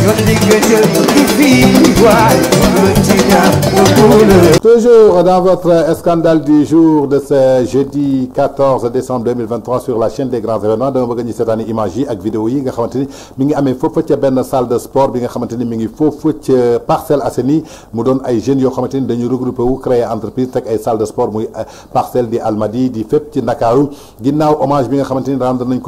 Eu Yolu digo que eu gönül gibi var Toujours dans votre scandale du jour de ce jeudi 14 décembre 2023 sur la chaîne des grands événements nous bëgg cette année image yi vidéo yi nga xamante ni mi ngi salle de sport bi nga xamante ni mi ngi foofu ca Parcelles Assainies mu doon ay jeunes yoo xamante dañu regrouper wu créer entreprise teg ay salle de sport muy euh, Parcelles di Almadies di fépp ci Ndakaaru ginnaaw hommage bi nga xamante ni rendre nañ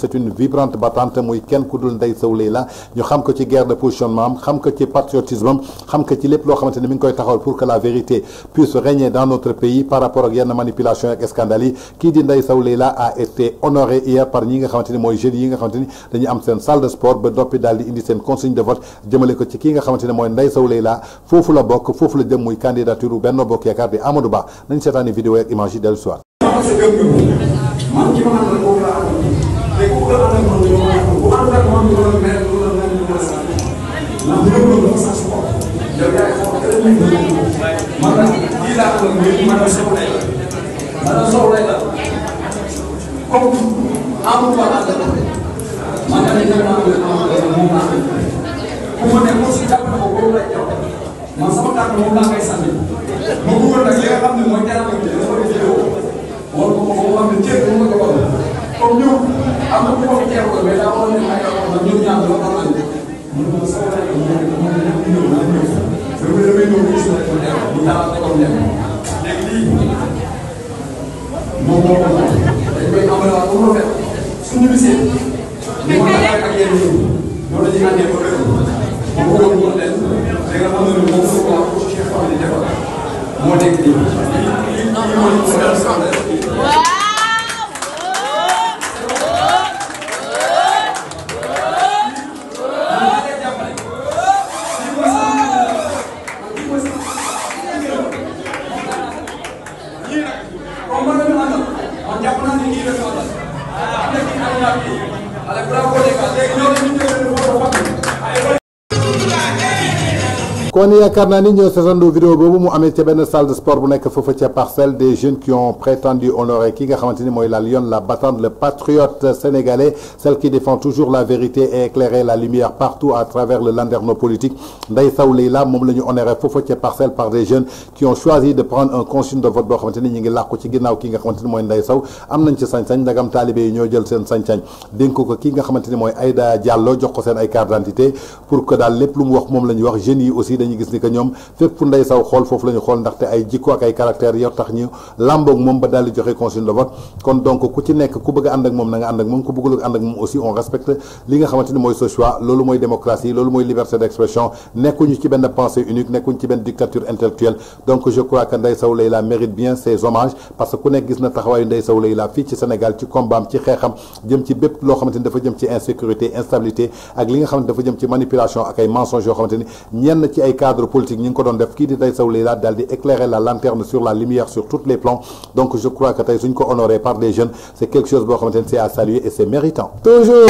c'est une vibrante battante muy ken kudul nday souleila ñu xam ko ci guerre de positionnement am xam ko patriotisme xam ci lépp loo xamante ni mi ngi koy pour que la vérité puisse régner dans notre pays par rapport ak yenn manipulation et scandale yi kii di ndey Sow Leila a été honoré hier par ñi nga xamante ni mooy jeunes yi nga xamante ni am salle de sport ba doppi daal di indi consigne de vote jëmale ko ci kii nga xamante ni mooy Sow Leila foofu la bokk foofu la jëm muy candidature bu Benno Bokk Yaakaar bi Amadou Ba nañ seetaani vidéo et image yi dellu mà mà mà đi đi không mana gila ko ngi không ăn la mana sawle la comme amu ba la mana ni na ko mo ma ko mo ne ko ci japp ko ko la japp man sama tak mo la kay sandi mo ko won nak li nga xamni moy dara ko ci dafa ko ci yow won ko ko won ni ci không mo ko không comme ñu không ko ko ci ko mais da won ni ay ko ñun ñaan do ko man mo sawle không mo ko ñëw na également nous devons se voir pour chaque femme et d'abord. Moins technique. Ada berapa dekat? Ada berapa dekat? kon yaakaar naa ni ñoo sasandoo vidéo boobu mu amee ca benn salle de sport bu nekk foofa par parcelle des jeunes qui ont prétendu honorer ki nga xamante ni mooy la lionne la battante le patriote sénégalais celle qui défend toujours la vérité et éclairer la lumière partout à travers le landerneau politique Ndeye Sow Leila moom la ñu honoré foofa ca parcelle par des jeunes qui ont choisi de prendre un consigne de vote boo xamante ni ñu la làqu ci ginnaaw ki nga xamante ni mooy Ndeye Sow am nañ ci sañ-sañ ndagam taalibe yi ñoo jël seen sañ-sañ dénk ko ki nga xamante ni mooy Aïda Diallo jox ko ay carte d'identité pour que dans lépp lu mu wax moom la wax jeunes yi aussi dañuy gis ni que ñom fepp fu Ndeye Sow xool foofu la ñu xool ndaxte ay jikko ak ay caractère yo tax ñu lambok mom ba dal di joxe consigne de vote kon donc ku ci nekk ku bëgg and ak mom na nga and ak mom ku bëggul and ak mom aussi on respecte li nga xamanteni moy ce choix lolu moy démocratie lolu moy liberté d'expression nekkuñu ci ben pensée unique nekkuñu ci ben dictature intellectuelle donc je crois que Ndeye Sow Leïla mérite bien ses hommages parce que ku nekk gis na taxawaayu Ndeye Sow Leïla fi ci Sénégal ci combat ci xeexam jëm ci bépp lo xamanteni dafa jëm ci insécurité instabilité ak li nga xamanteni dafa jëm ci manipulation ak ay mensonges yo xamanteni ni ñenn ci ay cadre politique avons éclairer la lanterne sur la lumière sur tous les plans donc je crois que tay suñ ko par des jeunes c'est quelque chose de xamante c'est à saluer et c'est méritant toujours